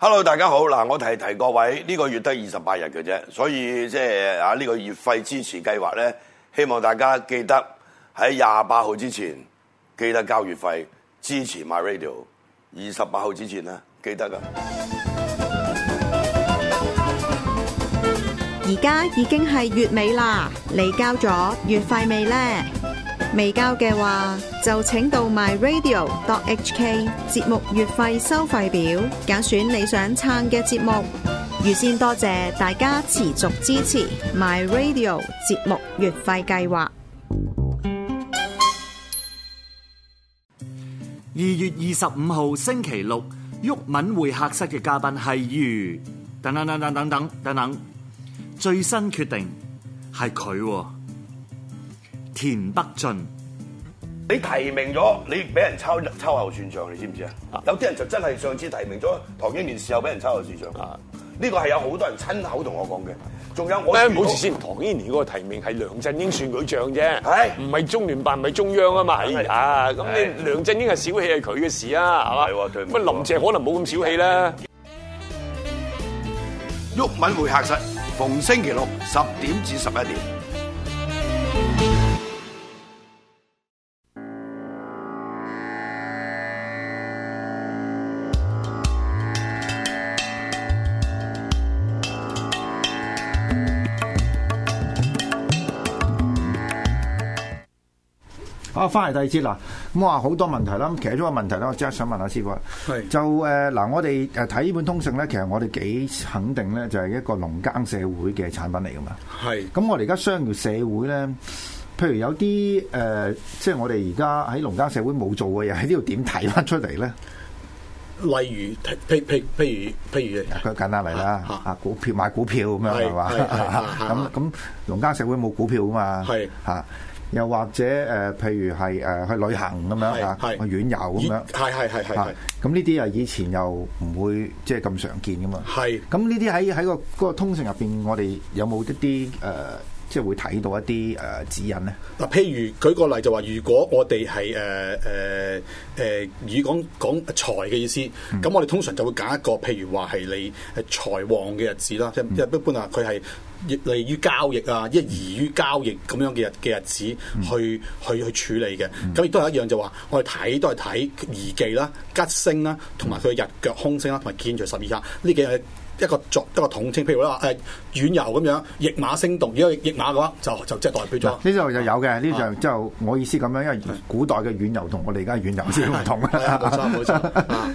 Hello，大家好！嗱，我提提各位，呢個月得二十八日嘅啫，所以即係啊呢個月費支持計劃咧，希望大家記得喺廿八號之前記得交月費支持 My Radio。二十八號之前咧，記得㗎！而家已經係月尾啦，你交咗月費未咧？未交嘅話，就請到 myradio.hk 節目月費收費表，揀選你想撐嘅節目。預先多謝大家持續支持 myradio 節目月費計劃。二月二十五號星期六，毓民會客室嘅嘉賓係余。等等等等等等等等，最新決定係佢。田北俊，你提名咗，你俾人抽抄，抄後算賬，你知唔知啊？的有啲人就真係上次提名咗唐英年時候俾人抽後算賬，呢的個係有好多人親口同我講嘅。仲有我，誒，唔好意思，唐英年嗰個提名係梁振英算佢賬啫，唔係的中聯辦，唔係中央啊嘛，哎呀，咁你梁振英係小氣係佢嘅事啊，係嘛，乜林鄭可能冇咁小氣啦。毓民會客室，逢星期六十點至十一點。翻嚟第二節嗱，咁我話好多問題啦，咁其中一個問題啦，我即刻想問下師傅，就誒嗱，我哋誒睇呢本通勝咧，其實我哋幾肯定咧，就係一個農耕社會嘅產品嚟噶嘛。係。咁我哋而家商業社會咧，譬如有啲誒，即係我哋而家喺農耕社會冇做嘅嘢，喺呢度點睇翻出嚟咧？例如，譬譬譬如譬如，舉緊下例啦，啊股票買股票咁樣係嘛？咁咁農耕社會冇股票噶嘛？係嚇。又或者誒、呃，譬如係誒、呃、去旅行咁樣吓，係去遠遊咁以樣，係係係係。咁呢啲又以前又唔會即係咁常見噶嘛。係以。咁呢啲喺喺個嗰、那個、通訊入邊，我哋有冇一啲誒？即係會睇到一啲誒、呃、指引咧。嗱，譬如舉個例就話，如果我哋係誒誒誒，如、呃、果、呃呃、講講財嘅意思，咁、嗯、我哋通常就會揀一個，譬如話係你係財旺嘅日子啦，即係、嗯、一般話佢係利於交易啊，一、嗯、移於交易咁樣嘅日嘅日子去、嗯、去去處理嘅。咁亦、嗯、都係一樣就話，我哋睇都係睇宜忌啦、吉星啦，同埋佢日腳空星啦，同埋建財十二煞呢幾日。一個作一個統稱，譬如咧話誒遠遊咁樣，驛馬星動，如果驛馬嘅話就就即係代表咗。呢度就有嘅，呢樣就我意思咁樣，因為古代嘅遠遊同我哋而家遠遊先唔同嘅。冇哈哈 錯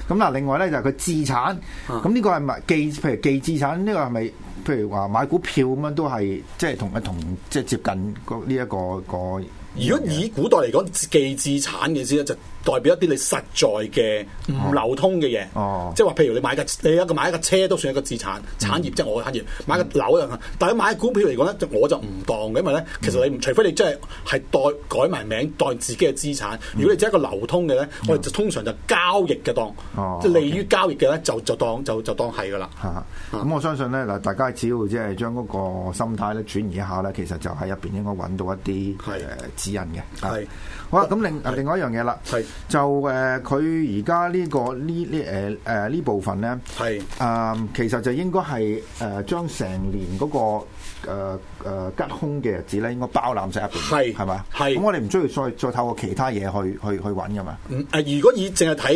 咁嗱，另外咧就佢、是、資產，咁呢、啊、個係咪？記，譬如記資產，呢、這個係咪譬如話買股票咁樣都係、就是、即係同一同即係接近呢、這個這個這個、一個個。如果以古代嚟講，自己資產嘅意思咧，就代表一啲你實在嘅唔流通嘅嘢。哦、嗯，即係話譬如你買架，你一個買一個車都算一個資產產業，即係、嗯、我嘅產業買個樓啊。但係買股票嚟講咧，我就唔當嘅，因為咧其實你、嗯、除非你真係係代改埋名代自己嘅資產。如果你只係一個流通嘅咧，我哋就通常就交易嘅當，即係、嗯、利於交易嘅咧，就就當就就當係㗎啦。咁、嗯、我相信咧嗱，大家只要即係將嗰個心態咧轉移一下咧，其實就喺入邊應該揾到一啲係。指引嘅，係好啦。咁另另外一樣嘢啦，係就誒，佢而家呢個呢呢誒誒呢部分咧，係嗯，其實就應該係誒將成年嗰個誒吉凶嘅日子咧，應該包攬晒入邊，係係嘛？係咁，我哋唔需要再再透過其他嘢去去去揾噶嘛？嗯，如果以淨係睇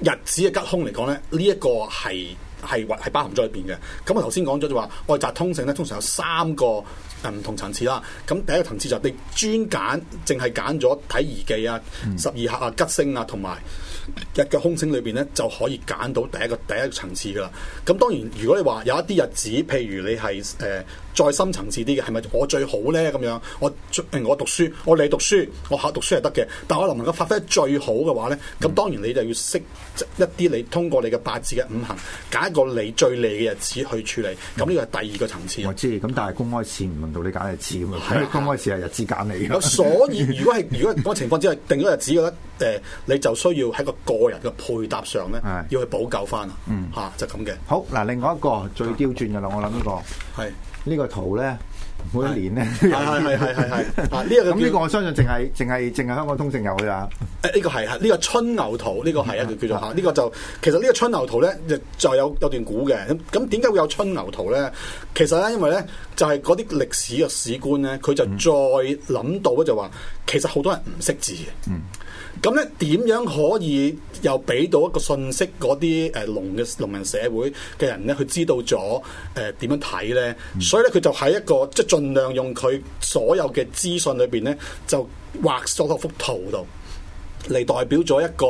日子嘅吉凶嚟講咧，呢一個係係或係包含咗喺入邊嘅。咁我頭先講咗就話外宅通勝咧，通常有三個。誒唔、嗯、同層次啦，咁、嗯、第一個層次就你專揀，淨係揀咗睇儀記啊、十二合啊、吉星啊，同埋日嘅空星裏邊咧，就可以揀到第一個第一個層次噶啦。咁、嗯、當然，如果你話有一啲日子，譬如你係誒、呃、再深層次啲嘅，係咪我最好咧咁樣？我我讀書，我嚟讀書，我客讀書係得嘅，但我能唔能夠發揮得最好嘅話咧，咁、嗯嗯、當然你就要識一啲你通過你嘅八字嘅五行，揀一個你最利嘅日子去處理。咁呢個係第二個層次。我知，咁但係公開試唔同你揀日子咁啊，剛開始係日子揀你。咁所以如果係如果咁情況，之下定咗日子，嘅話誒你就需要喺個個人嘅配搭上咧，要去補救翻的啊。嚇、就是，就咁嘅。好嗱，另外一個最刁鑽嘅啦，我諗呢個係呢個圖咧，每一年咧，係係係係係啊，呢一、 這個咁呢 個我相信淨係淨係淨係香港通勝有㗎。誒呢、啊這個係係呢個春牛圖呢，呢個係一個叫做嚇，呢個就其實呢個春牛圖咧就有有段古嘅咁咁點解會有春牛圖咧？其實咧，因為咧。就係嗰啲歷史嘅史官咧，佢就再諗到咧，就話其實好多人唔識字嘅。嗯、咁咧點樣可以又俾到一個信息，嗰啲誒農嘅農民社會嘅人咧，佢知道咗誒點樣睇咧？嗯、所以咧佢就喺一個即係、就係、盡量用佢所有嘅資訊裏邊咧，就畫咗幅圖度。嚟代表咗一個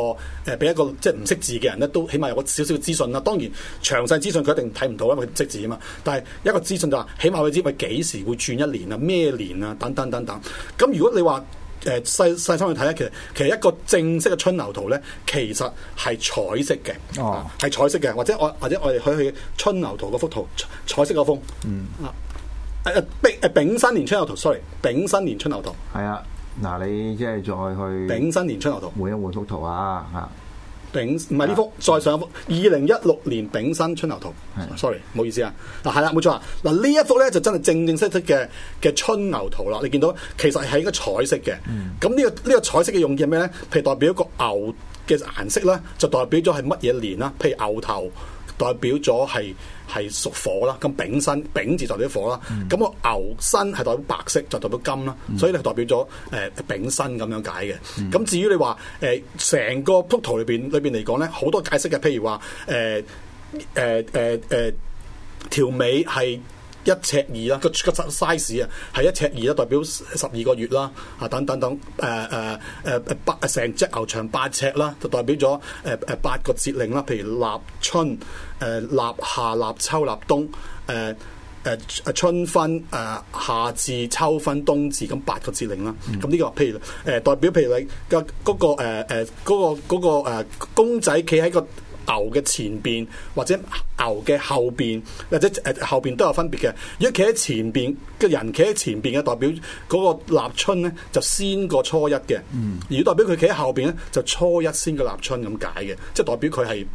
誒，俾、呃、一個即係唔識字嘅人咧，都起碼有個少少資訊啦。當然詳細資訊佢一定睇唔到，因為佢唔識字啊嘛。但係一個資訊就話，起碼佢知佢幾時會轉一年啊？咩年啊？等等等等。咁如果你話誒、呃、細細心去睇咧，其實其實一個正式嘅春牛圖咧，其實係彩色嘅，係、哦啊、彩色嘅。或者我或者我哋去去春牛圖嗰幅圖，彩色嗰幅。嗯啊。啊。誒丙申年春牛圖，sorry，丙申年春牛圖。係啊。嗱，你即係再去丙申年春牛圖換一換幅圖啊！吓，丙唔係呢幅，啊、再上一幅二零一六年丙申春牛圖。係是的，sorry，唔好意思啊。嗱，係啦，冇錯啊。嗱，呢一幅咧就真係正正式式嘅嘅春牛圖啦。你見到其實係應該彩色嘅。咁呢、嗯，這個呢、這個彩色嘅用意係咩咧？譬如代表一個牛嘅顏色啦，就代表咗係乜嘢年啦？譬如牛頭。代表咗係係屬火啦，咁丙身丙字代表火啦，咁個、嗯、牛身係代表白色就是、代表金啦，所以咧代表咗誒、呃、丙身咁樣解嘅。咁、嗯、至於你話誒成個圖圖裏邊裏邊嚟講咧，好多解釋嘅，譬如話誒誒誒誒條尾係，一尺二啦，個個 size 啊，係一尺二啦，代表十二個月啦，啊等等等，誒誒誒八成隻牛長八尺啦，就代表咗誒誒八個節令啦，譬如立春、誒、呃、立夏、立秋、立冬、誒、呃、誒春分、誒、呃、夏至、秋分、冬至，咁八個節令啦。咁呢、嗯、個譬如誒、呃、代表譬如你、嗰個嗰、嗰個誒誒嗰個公仔企喺個。牛嘅前邊或者牛嘅後邊，或者誒、呃、後邊都有分別嘅。如果企喺前邊嘅人，企喺前邊嘅代表嗰個立春咧，就先過初一嘅；而如果代表佢企喺後邊咧，就初一先過立春咁解嘅，即係代表佢係。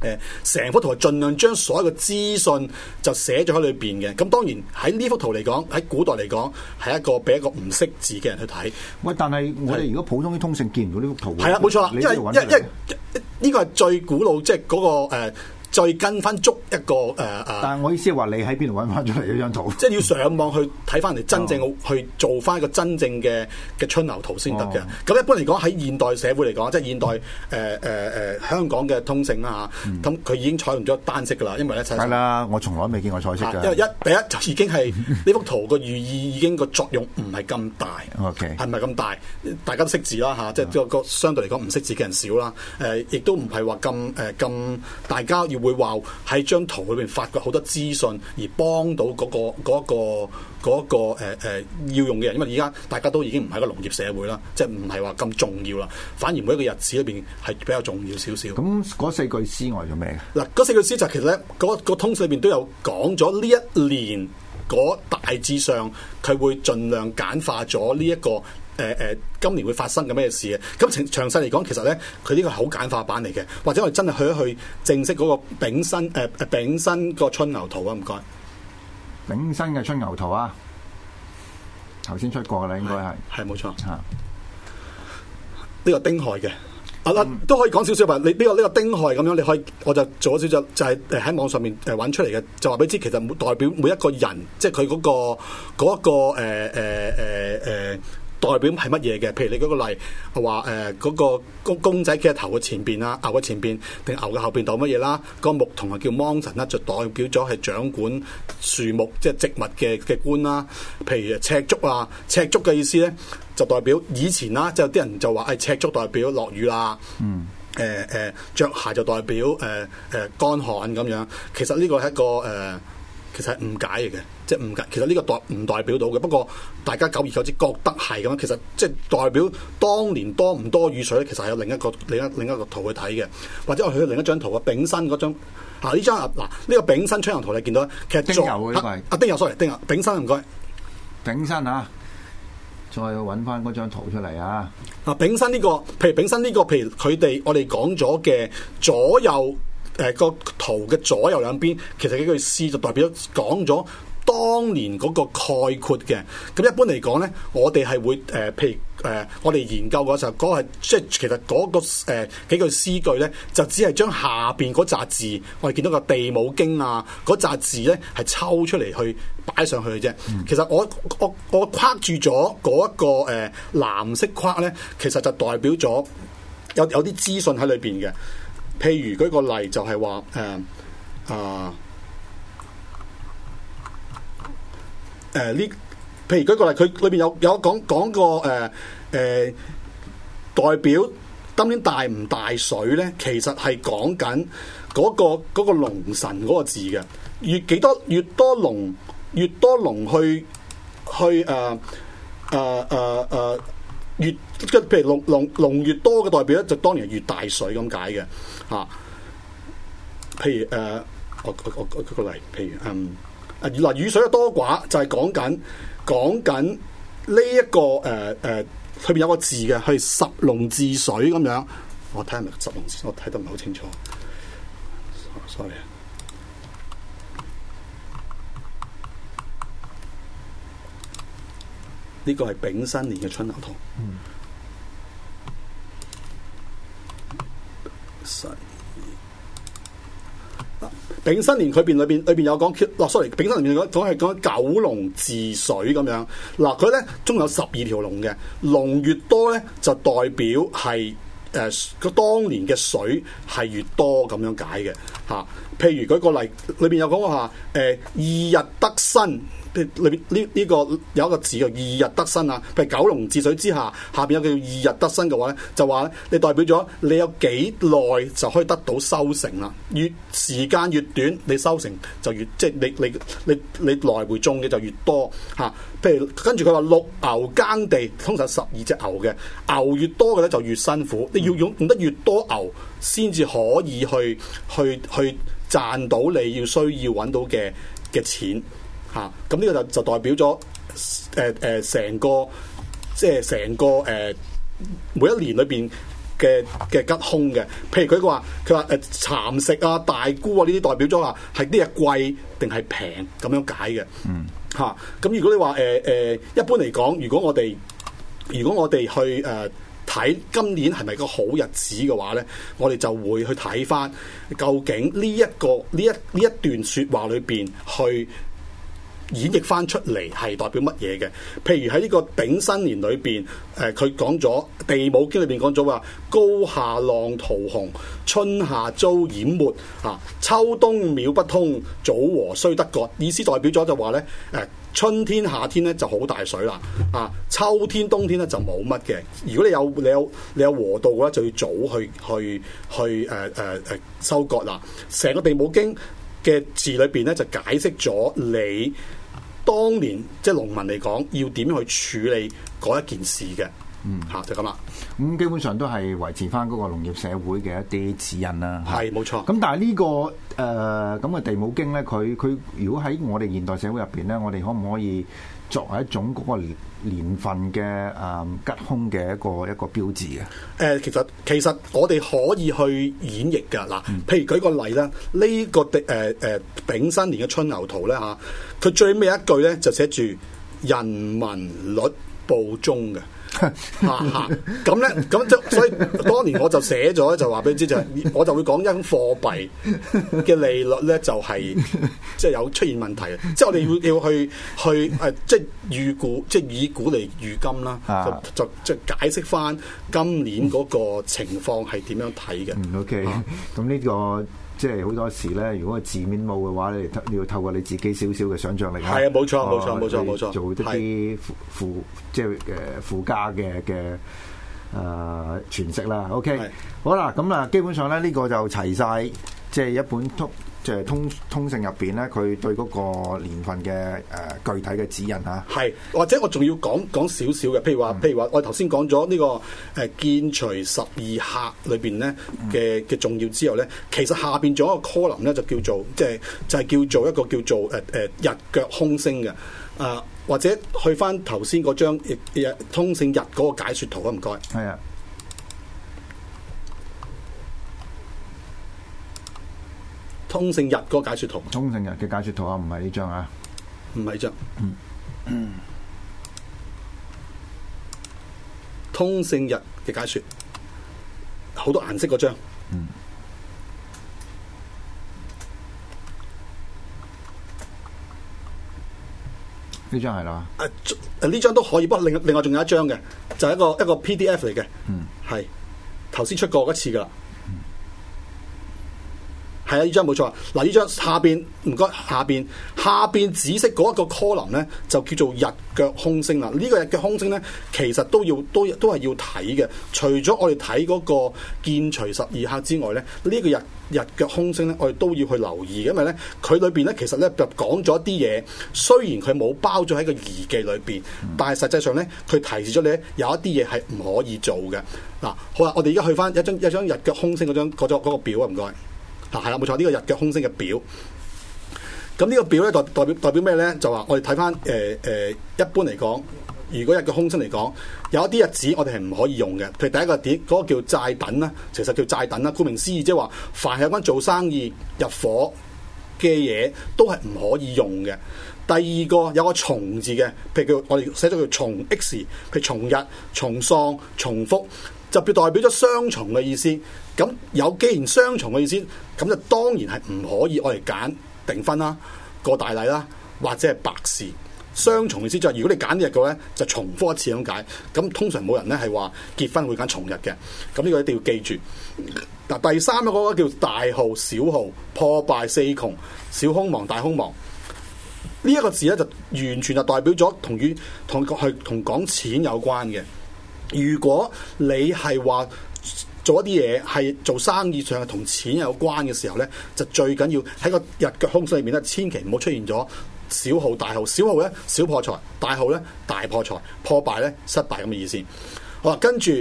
誒，成幅圖係盡量將所有嘅資訊就寫咗喺裏邊嘅。咁當然喺呢幅圖嚟講，喺古代嚟講係一個俾一個唔識字嘅人去睇。喂，但係我哋如果普通啲通訊見唔到呢幅圖，係啊的，冇錯啦，因為因為呢個係最古老，即係嗰個誒。呃再跟翻捉一個誒誒，但係我意思係話你喺邊度揾翻出嚟呢張圖？即係要上網去睇翻人哋，真正去做翻一個真正嘅嘅春牛圖先得嘅。咁、哦、一般嚟講，喺現代社會嚟講，即、就、係、是、現代誒誒誒香港嘅通勝啦嚇，咁、啊、佢已經採用咗單色噶啦，因為一係啦，我從來未見過彩色嘅。因為一第一就已經係呢幅圖個寓意已經個作用唔係咁大。嗯、OK，係唔係咁大？大家都識字啦嚇，即係個個相對嚟講唔識字嘅人少啦。誒、呃，亦都唔係話咁誒咁，大家要。 會話喺張圖裏邊發掘好多資訊，而幫到嗰、嗰個嗰個嗰、呃呃、要用嘅人，因為而家大家都已經唔係個農業社會啦，即係唔係話咁重要啦，反而每一個日子裏邊係比較重要少少。咁嗰四句詩外做，做咩？嗱，嗰四句詩就其實咧，嗰、嗰個、通訊裏邊都有講咗呢一年大致上，佢會盡量簡化咗呢一個。誒誒、呃，今年會發生嘅咩事啊？咁長詳細嚟講，其實咧，佢呢個係好簡化版嚟嘅，或者我哋真係去一去正式嗰個丙申誒誒丙申個春牛圖啊，唔該。丙申嘅春牛圖啊，頭先出過啦，應該係係冇錯吓。呢個丁亥嘅，啊啦都可以講少少吧。你呢個呢個丁亥咁樣，你可以我就做咗少少，就係喺網上面誒揾出嚟嘅，就話俾你知，其實代表每一個人，即係佢嗰個嗰個誒誒誒誒。呃呃呃呃呃呃代表係乜嘢嘅？譬如你嗰個例話誒，嗰、呃嗰個公仔嘅頭嘅前邊啊，牛嘅前邊定牛嘅後邊代表乜嘢啦？嗰個牧童啊叫芒神啦，就代表咗係掌管樹木即係、就是、植物嘅嘅官啦。譬如赤足啊，赤足嘅意思咧就代表以前啦，即有啲人就話係、哎、赤足代表落雨啦。嗯。誒誒、呃，著鞋就代表誒誒、呃呃、乾旱咁樣。其實呢個係一個誒。呃其實係誤解嚟嘅，即係誤解。其實呢個代唔代表到嘅，不過大家久而久之覺得係咁。其實即係代表當年多唔多雨水咧，其實係有另一個另一另一個圖去睇嘅，或者我去另一張圖張啊，丙申嗰張。呢張啊，嗱、這、呢個丙申出行圖你見到咧，其實丁酉啊，丁酉出嚟，sorry, 丁酉丙申唔該。丙申啊，再揾翻嗰張圖出嚟啊。嗱、啊，丙申呢個，譬如丙申呢個，譬如佢哋我哋講咗嘅左右。誒個、呃、圖嘅左右兩邊，其實幾句詩就代表咗講咗當年嗰個概括嘅。咁一般嚟講咧，我哋係會誒、呃，譬如誒、呃，我哋研究嘅時候，嗰係即係其實嗰、嗰個誒、呃、幾句詩句咧，就只係將下邊嗰扎字，我哋見到個地母經啊嗰扎字咧，係抽出嚟去擺上去嘅啫。其實我我我框住咗嗰一個誒、呃、藍色框咧，其實就代表咗有有啲資訊喺裏邊嘅。譬如舉個例就係話，誒、呃，啊、呃，誒呢，譬如舉個例，佢裏邊有有講講過誒誒代表今年大唔大水咧，其實係講緊嗰、那個嗰、那個龍神嗰個字嘅，越幾多越多龍，越多龍去去誒誒誒誒越。即譬如龍龍龍越多嘅代表咧，就當然係越大水咁解嘅嚇。譬如誒、呃，我我我舉個例，譬如嗯啊，嗱雨水嘅多寡就係、是、講緊講緊呢一個誒誒，裏、呃呃、面有個字嘅係、就是、十龍治水咁樣。我睇下咪十龍治，我睇得唔係好清楚。sorry 啊，呢個係丙申年嘅春牛圖。嗯。嗱，丙申年佢邊裏邊裏邊有講落 sorry，丙、哦、申年佢講係講九龍治水咁樣。嗱，佢咧中有十二條龍嘅，龍越多咧就代表係誒，佢、呃、當年嘅水係越多咁樣解嘅吓、啊。譬如舉個例，裏邊有講話誒，二日得新。裏邊呢呢個有一個字叫「二日得新」啊，譬如九龍治水之下，下邊有個叫「二日得新」嘅話咧，就話咧你代表咗你有幾耐就可以得到收成啦。越時間越短，你收成就越即係你你你你來回種嘅就越多嚇。譬如跟住佢話六牛耕地，通常十二隻牛，嘅牛越多嘅咧就越辛苦，你要用用得越多牛先至可以去去去去賺到你要需要揾到嘅嘅錢。嚇！咁呢、啊、個就就代表咗誒誒成個即係成個誒每一年裏邊嘅嘅吉凶嘅。譬如佢話佢話誒蠶食啊、大姑啊呢啲，代表咗話係呢日貴定係平咁樣解嘅。嗯。嚇、啊！咁如果你話誒誒一般嚟講，如果我哋如果我哋去誒睇、呃、今年係咪個好日子嘅話咧，我哋就會去睇翻究竟呢、這個、一個呢一呢一段説話裏邊去。演繹翻出嚟係代表乜嘢嘅？譬如喺呢個丙申年裏邊，誒、呃、佢講咗《地母經》裏邊講咗話：高下浪淘紅，春夏遭掩沒，啊，秋冬淼不通，早禾雖得割。意思代表咗就話咧，誒、啊、春天夏天咧就好大水啦，啊秋天冬天咧就冇乜嘅。如果你有你有你有禾稻嘅話，就要早去去去誒誒誒收割啦。成個地《地母經》嘅字裏邊咧就解釋咗你。當年即係農民嚟講，要點去處理嗰一件事嘅，吓、嗯、就咁啦。咁基本上都係維持翻嗰個農業社會嘅一啲指引啦。係，冇錯。咁但係呢、這個誒咁嘅地母經呢，佢佢如果喺我哋現代社會入邊呢，我哋可唔可以作為一種嗰、那個？年份嘅誒吉凶嘅一個一個標誌嘅。誒、呃、其實其實我哋可以去演繹噶，嗱，譬如舉個例咧，呢、這個誒誒丙申年嘅春牛圖咧吓，佢、啊、最尾一句咧就寫住人民率報中嘅。吓吓咁咧，咁就、 啊啊、所以當年我就寫咗，就話俾你知就係，我就會講一種貨幣嘅利率咧就係即係有出現問題 即、啊，即係我哋要要去去誒，即係預估，即係以古嚟預今啦，就就即係解釋翻今年嗰個情況係點樣睇嘅。OK 咁呢個。即係好多時咧，如果係字面冇嘅話，你透要透過你自己少少嘅想像力。係啊，冇錯冇錯冇錯冇錯，呃、冇錯冇錯，做一啲附是即係誒附加嘅嘅誒詮釋啦。OK，是好啦，咁啊基本上咧呢、呢個就齊晒，即係一本通。即係通通勝入邊咧，佢對嗰個年份嘅誒、呃、具體嘅指引啊，係，或者我仲要講講少少嘅，譬如話，嗯、譬如話、這個，我頭先講咗呢個誒建除十二客裏邊咧嘅嘅重要之後咧，其實下邊仲有一個 column 咧，就叫做即係就係、是就是、叫做一個叫做誒誒、呃、日腳空升嘅啊，或者去翻頭先嗰張通勝日嗰個解説圖啊，唔該。係啊。通勝日個解説圖，通勝日嘅解説圖啊，唔係呢張啊，唔係呢張，嗯， 通勝日嘅解説，好多顏色嗰張，嗯，呢張係啦，誒、啊，誒，呢張都可以，不，另另外仲有一張嘅，就係、一個一個 PDF 嚟嘅，嗯，係，頭先出過一次噶啦。係啊，呢張冇錯。嗱，呢張下邊唔該，下邊下邊紫色嗰一個 column 咧，就叫做日腳空升啦。呢、這個日腳空升咧，其實都要都都係要睇嘅。除咗我哋睇嗰個建除十二客之外咧，呢、這個日日腳空升咧，我哋都要去留意，因為咧佢裏邊咧其實咧就講咗一啲嘢。雖然佢冇包咗喺個宜忌裏邊，但係實際上咧，佢提示咗你有一啲嘢係唔可以做嘅。嗱，好啊，我哋而家去翻一張一張日腳空升嗰張嗰個表啊，唔該。啊，係啦，冇錯，呢個日嘅空星嘅表。咁呢個表咧代代表代表咩咧？就話我哋睇翻誒誒一般嚟講，如果日嘅空星嚟講，有一啲日子我哋係唔可以用嘅。譬如第一個點，嗰個叫債等啦，其實叫債等啦，顧名思義即係話，凡係有關做生意入伙嘅嘢，都係唔可以用嘅。第二個有個重字嘅，譬如叫我哋寫咗叫重 X，譬如重日、重喪、重複，就代表咗雙重嘅意思。咁有既然雙重嘅意思，咁就當然係唔可以我哋揀訂婚啦、過大禮啦，或者係白事。雙重嘅意思就係、是、如果你揀呢日嘅話咧，就重複一次咁解。咁通常冇人咧係話結婚會揀重日嘅。咁呢個一定要記住。嗱，第三一個個叫大耗、小耗、破敗、四窮、小空亡、大空亡。呢、這、一個字咧就完全就代表咗同於同係同講錢有關嘅。如果你係話，做一啲嘢係做生意上啊同錢有關嘅時候呢，就最緊要喺個日腳空聲裏面咧，千祈唔好出現咗小號大號，小號咧小破財，大號咧大破財，破敗咧失敗咁嘅意思。好啦，跟住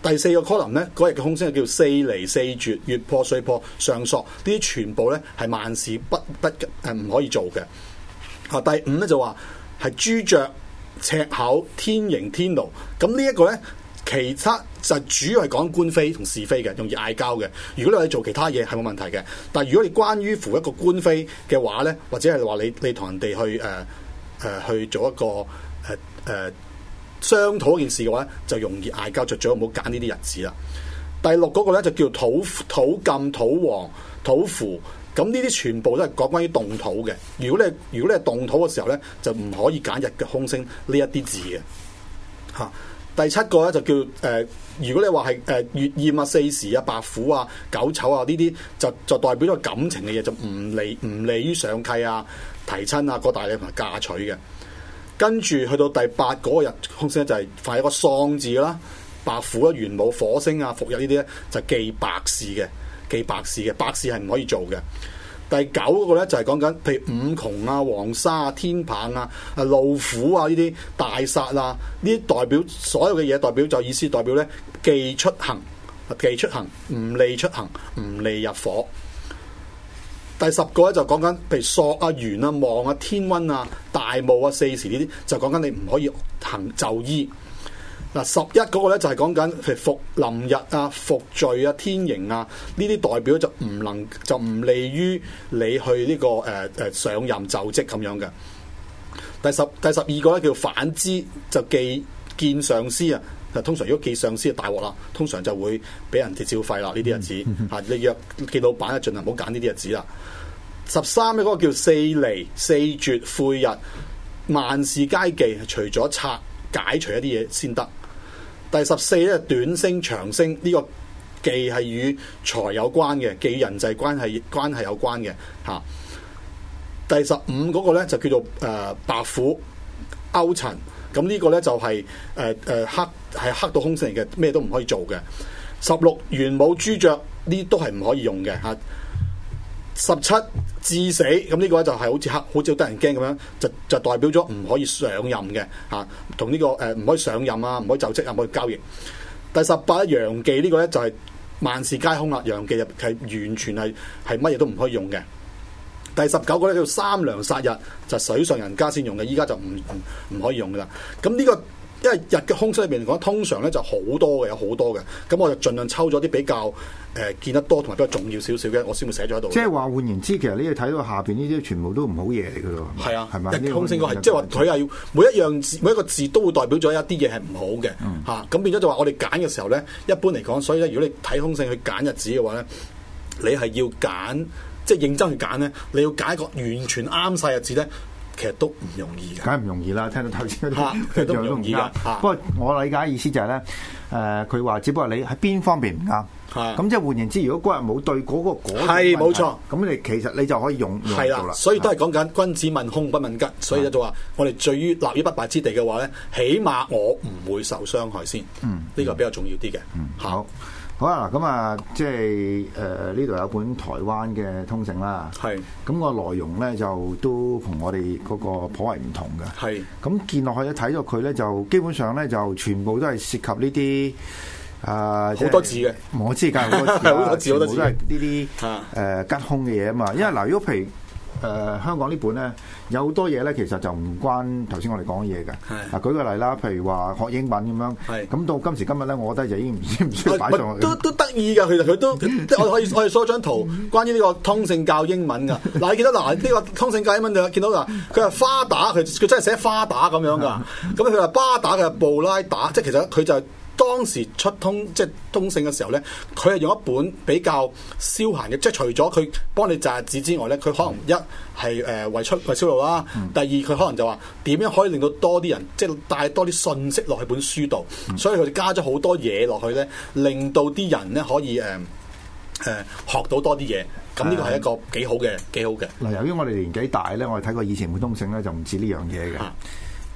第四個 column 呢，嗰日嘅空聲就叫四離四絕，月破碎破上索，呢啲全部呢係萬事不得嘅，係唔可以做嘅。啊，第五呢，就話係朱雀、赤口、天刑天牢，咁呢一個呢。其他就主要係講官非同是非嘅，容易嗌交嘅。如果你去做其他嘢，係冇問題嘅，但係如果你關於扶一個官非嘅話咧，或者係話你你同人哋去誒誒、呃呃、去做一個誒誒、呃呃、商討一件事嘅話，就容易嗌交，最就最好唔好揀呢啲日子啦。第六嗰個咧就叫土土禁土皇土符，咁呢啲全部都係講關於動土嘅。如果你如果咧動土嘅時候咧，就唔可以揀日嘅空星呢一啲字嘅，嚇。第七個咧就叫誒、呃，如果你話係誒月厭啊、四時啊、白虎啊、九醜啊呢啲，就就代表咗感情嘅嘢，就唔利唔利於上契啊、提親啊、過大禮同埋嫁娶嘅。跟住去到第八嗰日，空星咧就係犯一個喪字啦，白虎啊、玄武、火星啊、伏日呢啲咧就忌白事嘅，忌白事嘅，白事係唔可以做嘅。第九嗰個咧就係講緊，譬如五窮啊、黃沙啊、天棒啊、老虎啊呢啲大煞啊，呢啲代表所有嘅嘢，代表就意思代表咧忌出行，忌出行，唔利出行，唔利入伙。第十個咧就講緊，譬如朔啊、元啊、望啊、天瘟啊、大霧啊、四時呢啲，就講、是、緊你唔可以行就醫。嗱，十一嗰個咧就係講緊，譬如伏吟日啊、伏罪啊、天刑啊，呢啲代表就唔能就唔利於你去呢、這個誒誒、呃、上任就職咁樣嘅。第十第十二個咧叫反支就忌見上司啊，通常如果忌上司就大鑊啦，通常就會俾人哋照肺啦，呢啲日子吓、啊，你約見老闆啊盡量唔好揀呢啲日子啦。十三呢嗰個叫四離四絕晦日，萬事皆忌，除咗拆解除一啲嘢先得。第十四咧，短星長星呢、這個既係與財有關嘅，既人際關係關係有關嘅，吓、啊。第十五嗰個呢，就叫做誒、呃、白虎勾陳，咁呢個呢，就係誒誒黑係黑到空性嘅，咩都唔可以做嘅。十六元武朱雀呢都係唔可以用嘅，吓、啊。十七至死，咁呢個咧就係好似黑，好似得人驚咁樣，就就代表咗唔可以上任嘅，吓，同呢個誒唔、呃、可以上任啊，唔可以就職啊，唔可以交易。第十八楊忌呢個咧就係萬事皆空啦、啊，楊忌就係完全係係乜嘢都唔可以用嘅。第十九個咧叫三娘殺日，就是、水上人家先用嘅，依家就唔唔唔可以用噶啦。咁呢、這個因為日嘅空性裏邊嚟講，通常咧就好多嘅，有好多嘅，咁我就儘量抽咗啲比較誒、呃、見得多同埋比較重要少少嘅，我先會寫咗喺度。即係話換言之，其實你要睇到下邊呢啲全部都唔好嘢嚟嘅喎。係啊，係嘛？日嘅空性個係即係話佢係每一樣字每一個字都會代表咗一啲嘢係唔好嘅嚇。咁、嗯啊、變咗就話我哋揀嘅時候咧，一般嚟講，所以咧如果你睇空性去揀日子嘅話咧，你係要揀即係認真去揀咧，你要揀一個完全啱晒日子咧。其實都唔容易，梗係唔容易啦！聽到頭先都唔容易啦。不過我理解意思就係咧，誒佢話，只不過你喺邊方面唔啱，咁即係換言之，如果嗰日冇對嗰個嗰，係冇錯。咁你其實你就可以用用到啦。所以都係講緊君子問凶不問吉，所以就話我哋最於立於不敗之地嘅話咧，起碼我唔會受傷害先。嗯，呢個比較重要啲嘅。嗯，好。好啊，咁、嗯、啊，即係誒呢度有本台灣嘅通勝啦。係是。咁個內容咧就都同我哋嗰個頗為唔同嘅。係是。咁見落去一睇到佢咧，就基本上咧就全部都係涉及呢啲誒好多字嘅、呃。我知㗎，好多字、啊，好 多字，多字都係呢啲誒吉凶嘅嘢啊嘛。因為嗱，如果譬如，誒、呃、香港本呢本咧有好多嘢咧，其實就唔關頭先我哋講嘅嘢嘅。係嗱是舉個例啦，譬如話學英文咁樣，係咁是到今時今日咧，我覺得就已經唔知唔知擺上去都。都都得意嘅，其實佢都 即係我可以我可以 show 張圖，關於呢個通勝教英文嘅。嗱、啊、你記得嗱，呢、啊這個通勝教英文嘅？見到啦，佢話花打，佢佢真係寫花打咁樣噶。咁佢話巴打嘅布拉打，即係其實佢就係。當時出通即係通勝嘅時候呢，佢係用一本比較消閒嘅，即係除咗佢幫你摘字之外呢，佢可能一係誒、呃、為出為銷路啦，嗯、第二佢可能就話點樣可以令到多啲人即係帶多啲信息落去本書度，嗯、所以佢加咗好多嘢落去呢，令到啲人呢可以誒誒、呃呃、學到多啲嘢。咁呢個係一個好、呃、幾好嘅，幾好嘅。嗱，由於我哋年紀大呢，我哋睇過以前本通勝呢，啊啊、就唔似呢樣嘢嘅。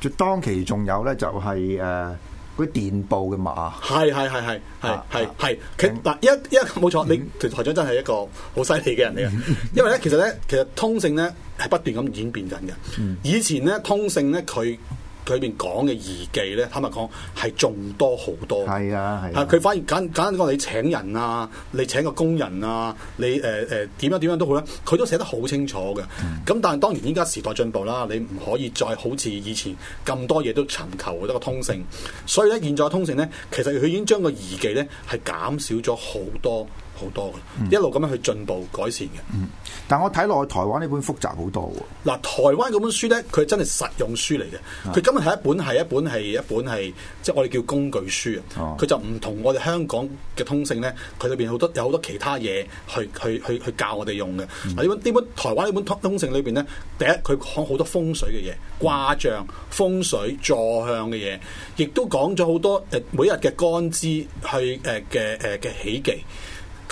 就當期仲有呢，就係誒。嗰啲電報嘅碼啊，係係係係係係，係。佢嗱，一一冇錯，你台台長真係一個好犀利嘅人嚟嘅。因為咧，其實咧，其實通勝咧係不斷咁演變緊嘅。以前咧，通勝咧佢。佢裏面講嘅宜忌咧，坦白講係仲多好多。係啊，係、啊。佢反而簡簡單講，你請人啊，你請個工人啊，你誒誒點樣點樣都好啦，佢都寫得好清楚嘅。咁、嗯、但係當然依家時代進步啦，你唔可以再好似以前咁多嘢都尋求好多個通勝，所以咧現在嘅通勝咧，其實佢已經將個宜忌咧係減少咗好多。好多嘅，嗯、一路咁樣去進步改善嘅。嗯，但我睇落去台灣呢本複雜好多喎。嗱，台灣嗰本書咧，佢真係實用書嚟嘅。佢今日係一本係一本係一本係，即係我哋叫工具書啊。佢、哦、就唔同我哋香港嘅通勝咧，佢裏邊好多有好多其他嘢去去去去教我哋用嘅。嗱、嗯，呢本呢本台灣呢本通通勝裏邊咧，第一佢講好多風水嘅嘢，卦象、風水、坐向嘅嘢，亦都講咗好多誒每日嘅干枝、去誒嘅誒嘅喜忌。呃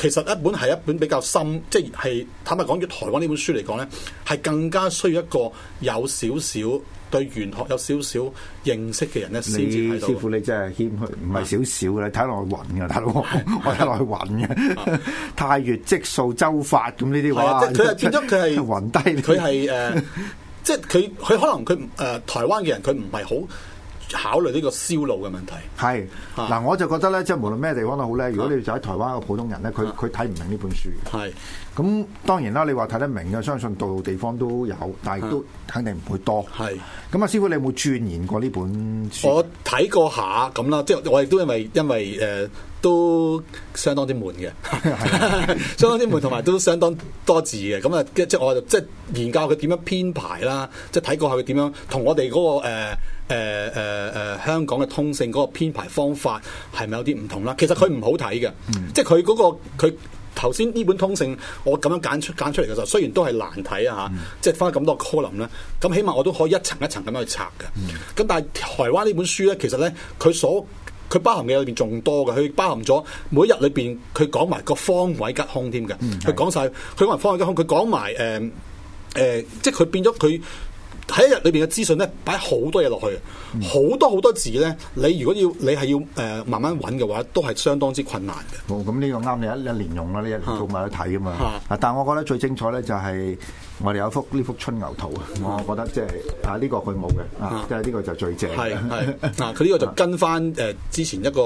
其實一本係一本比較深，即係坦白講，與台灣呢本書嚟講咧，係更加需要一個有少少對玄學有少少認識嘅人咧，先至睇到。師傅你真係謙虛，唔係少少，你睇落去暈㗎，大佬，的我睇落去暈嘅，太乙積數周發咁呢啲話。係啊，佢係變咗佢係暈低，佢係誒，即係佢佢可能佢誒、呃、台灣嘅人佢唔係好。考慮呢個銷路嘅問題，係嗱，我就覺得咧，即係無論咩地方都好咧，如果你就喺台灣一個普通人咧，佢佢睇唔明呢本書。係咁是，當然啦，你話睇得明嘅，相信度地方都有，但係都肯定唔會多。係咁是，阿師傅，你有冇鑽研過呢本書？我睇過下咁啦，即係我亦都因為因為誒、呃、都相當啲悶嘅， 相當啲悶，同埋都相當多字嘅。咁啊，即係我就，即係研究佢點樣編排啦，即係睇過下佢點樣同我哋嗰、那個、呃呃誒誒誒，香港嘅通勝嗰個編排方法係咪有啲唔同啦？其實佢唔好睇嘅，嗯、即係佢嗰個佢頭先呢本通勝，我咁樣揀出揀出嚟嘅時候，雖然都係難睇啊吓，嗯、即係翻咁多 column 咧，咁起碼我都可以一層一層咁樣去拆嘅。咁、嗯、但係台灣呢本書咧，其實咧佢所佢包含嘅裏邊仲多嘅，佢包含咗每日裏邊佢講埋個方位吉凶添嘅，佢講晒，佢講埋方位吉凶，佢講埋誒誒，即係佢變咗佢。睇一日裏邊嘅資訊咧，擺好多嘢落去，好多好多字咧。你如果要你係要誒、呃、慢慢揾嘅話，都係相當之困難嘅。咁呢、哦、個啱你一一年用啦，呢一年用埋去睇啊嘛。的啊，但係我覺得最精彩咧就係、是。我哋有幅呢幅春牛圖啊，我覺得即係啊呢、呢個佢冇嘅，啊啊、即係呢個就最正嘅。係係，嗱佢呢個就跟翻誒、啊、之前一個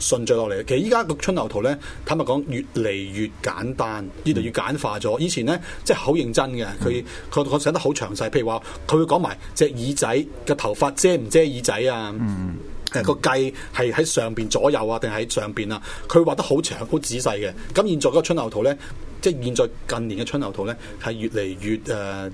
順序落嚟。其實依家個春牛圖咧，坦白講越嚟越簡單，越嚟越簡化咗。以前咧即係好認真嘅，佢佢佢寫得好詳細。譬如話，佢會講埋隻耳仔嘅頭髮遮唔遮耳仔啊嗯，嗯，誒、啊嗰個髻係喺上邊左右啊，定喺上邊啊？佢畫得好長，好仔細嘅。咁現在嗰個春牛圖咧。即係現在近年嘅春牛圖咧，係越嚟越誒誒、呃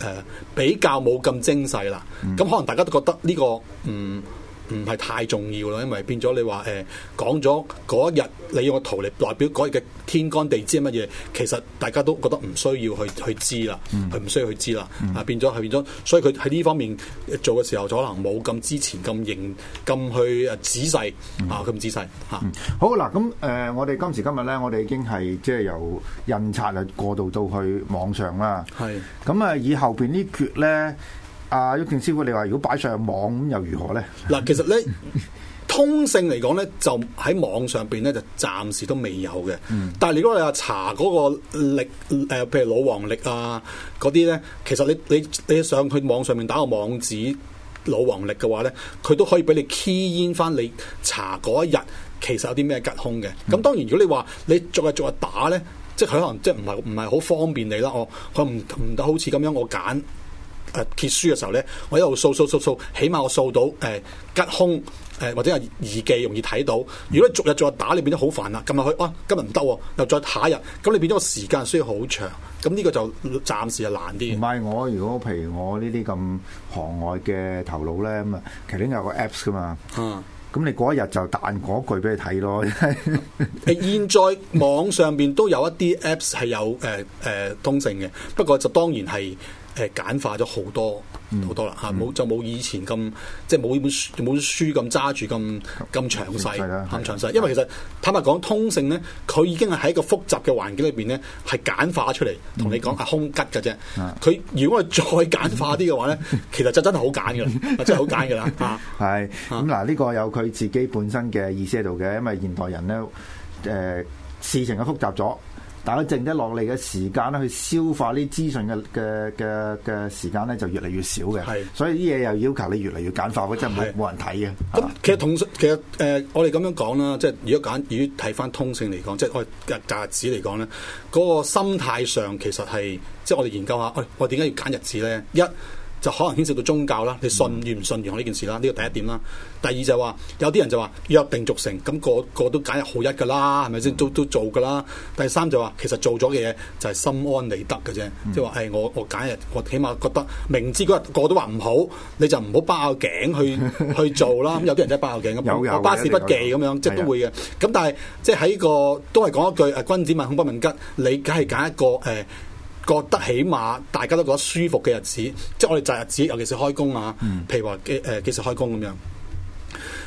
呃、比較冇咁精細啦。咁、嗯、可能大家都覺得呢、呢個嗯。唔係太重要啦，因為變咗你話誒、欸、講咗嗰一日你用個圖嚟代表嗰日嘅天干地支係乜嘢，其實大家都覺得唔需要去去知啦，佢唔、嗯、需要去知啦，嗯、啊變咗係變咗，所以佢喺呢方面做嘅時候，就可能冇咁之前咁認咁去誒仔細、嗯、啊咁仔細嚇、啊嗯。好嗱，咁誒、呃、我哋今時今日咧，我哋已經係即係由印刷啊過渡到去網上啦。係咁啊，以後邊呢節咧？啊，毓証師傅，你話如果擺上網咁又如何咧？嗱，其實咧， 通性嚟講咧，就喺網上邊咧，就暫時都未有嘅。嗯、但係如果你話查嗰個曆，誒、呃，譬如老黃曆啊嗰啲咧，其實你你你上去網上面打個網址，老黃曆嘅話咧，佢都可以俾你 key in 翻你查嗰一日其實有啲咩吉凶嘅。咁、嗯、當然，如果你話你逐日逐日打咧，即係佢可能即係唔係唔係好方便你啦，哦，佢唔唔得好似咁樣我揀。誒揭書嘅時候咧，我一路掃掃掃掃，起碼我掃到誒、呃、吉兇誒、呃、或者係異記容易睇到。如果你逐日再打，你變得好煩啦、啊。今日去、啊，哇，今日唔得喎，又再下一日，咁、嗯、你變咗時間需要好長。咁、這、呢個就暫時就難啲。唔係我如果譬如我呢啲咁行外嘅頭腦咧，咁啊，其實都有個 Apps 噶嘛。嗯。咁你過一日就彈嗰句俾你睇咯。誒，現在網上邊都有一啲 Apps 係有誒誒、呃呃、通勝嘅，不過就當然係。其實簡化咗好多好多啦嚇，冇就冇以前咁即係冇本冇書咁揸住咁咁詳細，咁詳，詳，細詳細。因為其實坦白講，通勝咧，佢已經係喺一個複雜嘅環境裏邊咧，係簡化出嚟同你講係空吉嘅啫。佢如果係再簡化啲嘅話咧，其實就真係好簡嘅， 真係好簡嘅啦。係咁嗱，呢、嗯這個有佢自己本身嘅意思喺度嘅，因為現代人咧誒、呃、事情嘅複雜咗。但係佢剩得落嚟嘅時間咧，去消化啲資訊嘅嘅嘅嘅時間咧，就越嚟越少嘅。係是，所以啲嘢又要求你越嚟越簡化，即係冇冇人睇嘅。咁、嗯、其實統其實誒、呃，我哋咁樣講啦，即係如果揀，如果睇翻通勝嚟講，即係我日日子嚟講咧，嗰、那個心態上其實係，即係我哋研究下，哎、我點解要揀日子咧？一就可能牽涉到宗教啦，你信與唔信呢件事啦，呢個第一點啦。第二就話有啲人就話約定俗成，咁、那個個都揀日好一㗎啦，係咪先？都都做㗎啦。第三就話其實做咗嘅嘢就係心安理得嘅啫，即係話誒，我我揀日我起碼覺得明知嗰日個都話唔好，你就唔好包頸去去做啦。咁有啲人真係包頸咁，我 有有 巴士不計咁樣，即係都會嘅。咁的但係即係喺、這個都係講一句誒君子問兇不問吉，你梗係揀一個誒。呃呃覺得起碼大家都覺得舒服嘅日子，即係我哋擇日子，尤其是開工啊，譬如話幾誒、呃、幾時開工咁樣，誒、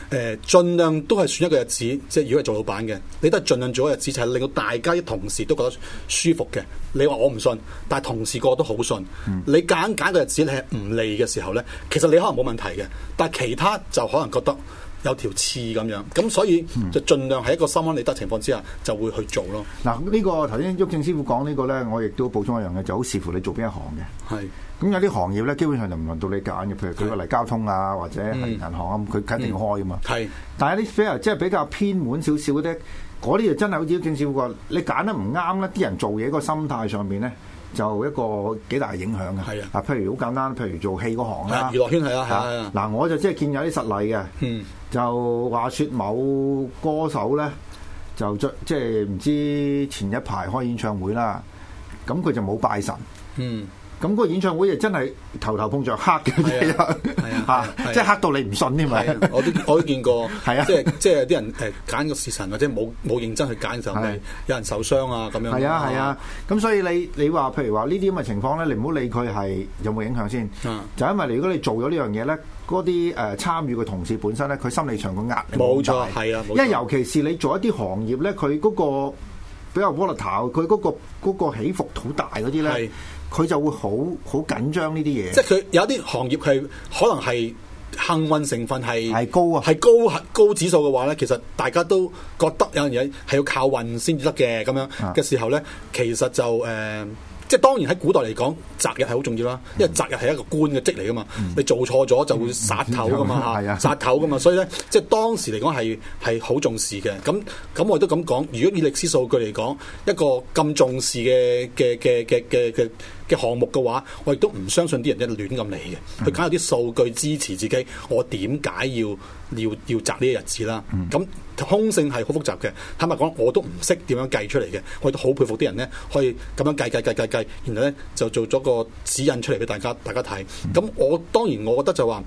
呃、盡量都係選一個日子，即係如果係做老闆嘅，你都係盡量做一個日子，就係、是、令到大家啲同事都覺得舒服嘅。你話我唔信，但係同事個個都好信。嗯、你揀揀個日子，你係唔利嘅時候咧，其實你可能冇問題嘅，但係其他就可能覺得。有條刺咁樣，咁所以就盡量喺一個心安理得情況之下就會去做咯、嗯。嗱、嗯，呢、這個頭先毓証師傅講呢、這個咧，我亦都補充一樣嘅，就好、是、視乎你做邊一行嘅。係是，咁有啲行業咧，基本上就唔輪到你揀嘅，譬如佢嚟交通啊，或者係銀行啊，佢、嗯、肯定要開啊嘛。係、嗯，但係啲 fair 即係比較偏門少少啲，嗰啲就真係好似毓証師傅講，你揀得唔啱咧，啲人做嘢個心態上面咧。就一個幾大影響嘅，係啊，譬如好簡單，譬如做戲嗰行啦，娛樂圈係啦嚇，嗱，我就即係見有啲實例嘅，嗯、就話説某歌手咧，就即係唔知前一排開演唱會啦，咁佢就冇拜神。嗯咁個演唱會又真係頭頭碰着黑嘅，係啊，嚇，即係黑到你唔信添嘛？我都我都見過，係啊，即係即係有啲人誒揀個時辰或者冇冇認真去揀嘅時候，咪有人受傷啊咁樣。係啊係啊，咁所以你你話譬如話呢啲咁嘅情況咧，你唔好理佢係有冇影響先。就因為如果你做咗呢樣嘢咧，嗰啲誒參與嘅同事本身咧，佢心理上個壓力冇錯係啊，因為尤其是你做一啲行業咧，佢嗰個比較 volatile，佢嗰個起伏好大嗰啲咧。佢就會好好緊張呢啲嘢，即係佢有啲行業係可能係幸運成分係係高啊，係高高指數嘅話呢，其實大家都覺得有樣嘢係要靠運先至得嘅咁樣嘅、啊、時候呢，其實就誒。呃即係當然喺古代嚟講，擇日係好重要啦，因為擇日係一個官嘅職嚟噶嘛，你做錯咗就會殺頭噶嘛嚇，殺頭噶嘛，所以咧，即係當時嚟講係係好重視嘅。咁咁我亦都咁講，如果以歷史數據嚟講，一個咁重視嘅嘅嘅嘅嘅嘅嘅項目嘅話，我亦都唔相信啲人一亂咁嚟嘅，佢梗有啲數據支持自己，我點解要？要要擇呢個日子啦，咁空性係好複雜嘅，坦白講我都唔識點樣計出嚟嘅，我都好佩服啲人呢，可以咁樣計計計計計，然後呢就做咗個指引出嚟俾大家，大家睇。咁、嗯、我當然我覺得就話、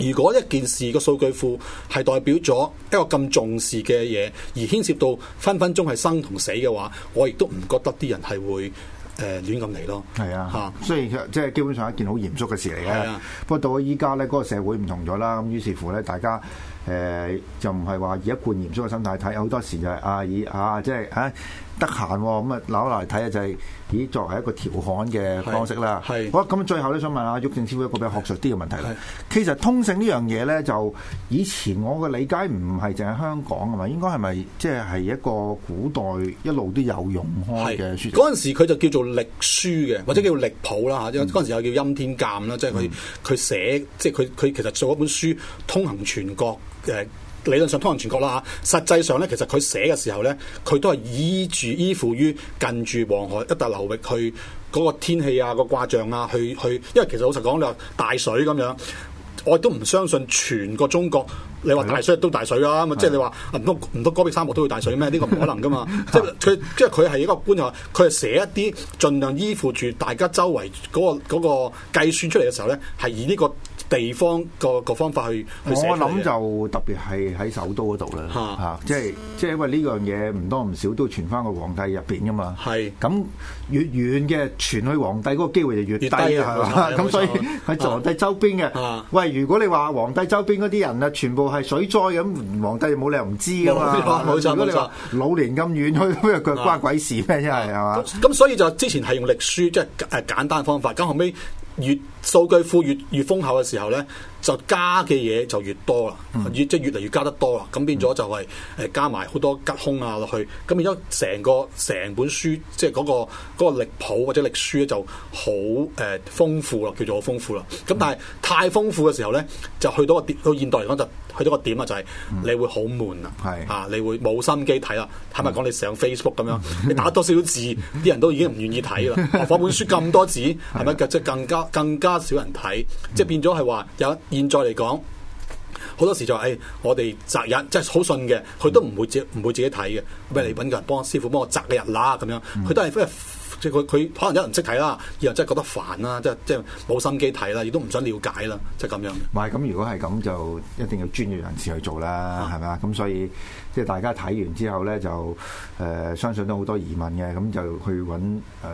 是，如果一件事個數據庫係代表咗一個咁重視嘅嘢，而牽涉到分分鐘係生同死嘅話，我亦都唔覺得啲人係會。誒亂咁嚟咯，係啊，啊雖然即係基本上係一件好嚴肅嘅事嚟嘅，啊、不過到咗依家咧，嗰個社會唔同咗啦，咁於是乎咧，大家。誒、呃、就唔係話以一貫嚴肅嘅心態睇，好多時就係、是、啊，以啊即係啊得閒咁啊攞嚟睇啊，就係、是、以作為一個調侃嘅方式啦。係，好咁、嗯、最後咧，想問阿毓証師傅一個比較學術啲嘅問題啦。係，其實通勝呢樣嘢咧，就以前我嘅理解唔係淨係香港㗎嘛，應該係咪即係係一個古代一路都有用開嘅書？嗰陣時佢就叫做歷書嘅，或者叫做歷譜啦嚇。嗯嗯、因為嗰陣時又叫陰天監啦，即係佢佢寫，即係佢佢其實做一本書通行全國。誒，理論上通行全國啦吓，實際上咧，其實佢寫嘅時候咧，佢都係依住依附於近住黃河一笪流域去嗰、嗰個天氣啊、嗰個卦象啊，去去，因為其實老實講，你話大水咁樣，我亦都唔相信全個中國，你話大水都大水啦，啊，咁即係你話唔通，唔通戈壁沙漠都會大水咩？呢個唔可能噶嘛。 即係佢即係佢係一個觀啊，佢係寫一啲盡量依附住大家周圍嗰、嗰個嗰、嗰個計、那個、算出嚟嘅時候咧，係以呢、呢個。地方個個方法去，我諗就特別係喺首都嗰度啦，嚇，即係即係因為呢樣嘢唔多唔少都傳翻個皇帝入邊噶嘛，係，咁越遠嘅傳去皇帝嗰個機會就越低啊，咁所以喺皇帝周邊嘅，喂，如果你話皇帝周邊嗰啲人啊，全部係水災咁，皇帝冇理由唔知噶嘛，如果你話老年咁遠去，邊有關鬼事咩？一係係嘛，咁所以就之前係用歷書，即係誒簡單方法，咁後尾。越數據庫越越豐厚嘅時候咧，就加嘅嘢就越多啦，越即係越嚟越加得多啦，咁變咗就係誒加埋好多吉兇啊落去，咁變咗成個成本書即係嗰個嗰個歷譜或者歷書咧就好誒豐富啦，叫做好豐富啦。咁但係太豐富嘅時候咧，就去到個點，到現代嚟講就去到個點啊，就係你會好悶啊，係啊你會冇心機睇啦。係咪講你上 Facebook 咁樣？你打多少字，啲人都已經唔願意睇啦。本書咁多字，係咪？即係更加更加少人睇，即係變咗係話有。現在嚟講，好多時就話，是，誒、哎，我哋擇日即係好信嘅，佢都唔會自唔會自己睇嘅，咩你揾個人幫師傅幫我擇日啦，咁樣，佢都係即係佢佢可能有人唔識睇啦，又真係覺得煩啦，即係即係冇心機睇啦，亦都唔想了解啦，即係咁樣。唔係，咁如果係咁就一定要專業人士去做啦，係咪啊？咁所以。即係大家睇完之後咧，就誒相信都好多疑問嘅，咁就去揾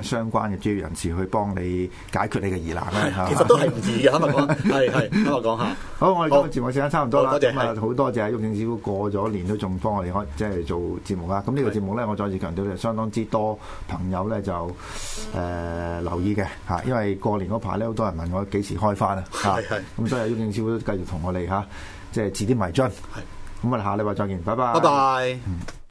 相關嘅專業人士去幫你解決你嘅疑難啦。嚇，其實都係唔易嘅，咁啊講，係係咁啊講下。好，我哋今日節目時間差唔多啦，多謝咁好多謝啊，毓証師傅過咗年都仲幫我哋開，即係做節目啦。咁呢個節目咧，我再次強調，就相當之多朋友咧就誒留意嘅嚇，因為過年嗰排咧，好多人問我幾時開翻啊，係咁所以毓証師傅都繼續同我哋嚇，即係指啲迷津。咁我哋，下禮拜再見，拜拜。